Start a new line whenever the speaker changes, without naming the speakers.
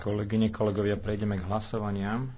Kolegyne, kolegovia, prejdeme k hlasovaniam.